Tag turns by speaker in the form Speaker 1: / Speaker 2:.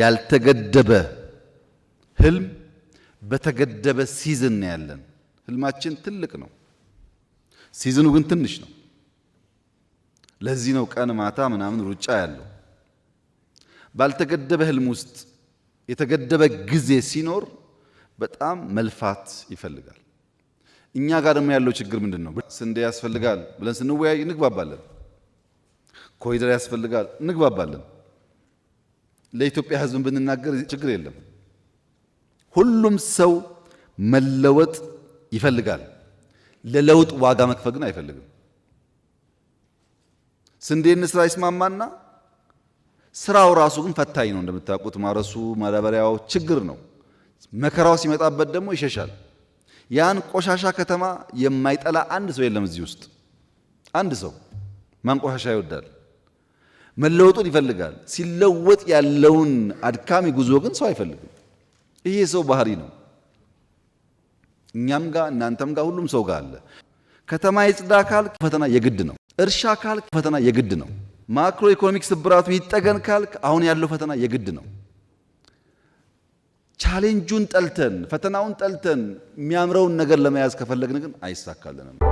Speaker 1: ያልተገደበ ህልም በተገደበ ሲዝን ነው ያለን። ህልማችን ትልቅ ነው፣ ሲዝኑ ግን ትንሽ ነው። ለዚህ ነው ቀን ማታ ምናምን ሩጫ ያለው። ባልተገደበ ህልም ውስጥ የተገደበ ጊዜ ሲኖር በጣም መልፋት ይፈልጋል። እኛ ጋር ደግሞ ያለው ችግር ምንድን ነው? ስንዴ ያስፈልጋል ብለን ስንወያይ እንግባባለን። ኮሪደር ያስፈልጋል እንግባባለን። ለኢትዮጵያ ህዝብ ብንናገር ችግር የለም። ሁሉም ሰው መለወጥ ይፈልጋል። ለለውጥ ዋጋ መክፈል ግን አይፈልግም። ስንዴ እንስራ ይስማማና ስራው ራሱ ግን ፈታኝ ነው። እንደምታውቁት ማረሱ፣ ማዳበሪያው ችግር ነው። መከራው ሲመጣበት ደግሞ ይሸሻል። ያን ቆሻሻ ከተማ የማይጠላ አንድ ሰው የለም እዚህ ውስጥ። አንድ ሰው ማን ቆሻሻ ይወዳል? መለወጡን ይፈልጋል። ሲለወጥ ያለውን አድካሚ ጉዞ ግን ሰው አይፈልግም። ይሄ ሰው ባህሪ ነው። እኛም ጋር እናንተም ጋር ሁሉም ሰው ጋር አለ። ከተማ የጽዳ ካልክ ፈተና የግድ ነው። እርሻ ካልክ ፈተና የግድ ነው። ማክሮ ኢኮኖሚክስ ስብራቱ ይጠገን ካልክ አሁን ያለው ፈተና የግድ ነው። ቻሌንጁን ጠልተን ፈተናውን ጠልተን የሚያምረውን ነገር ለመያዝ ከፈለግን ግን አይሳካልንም።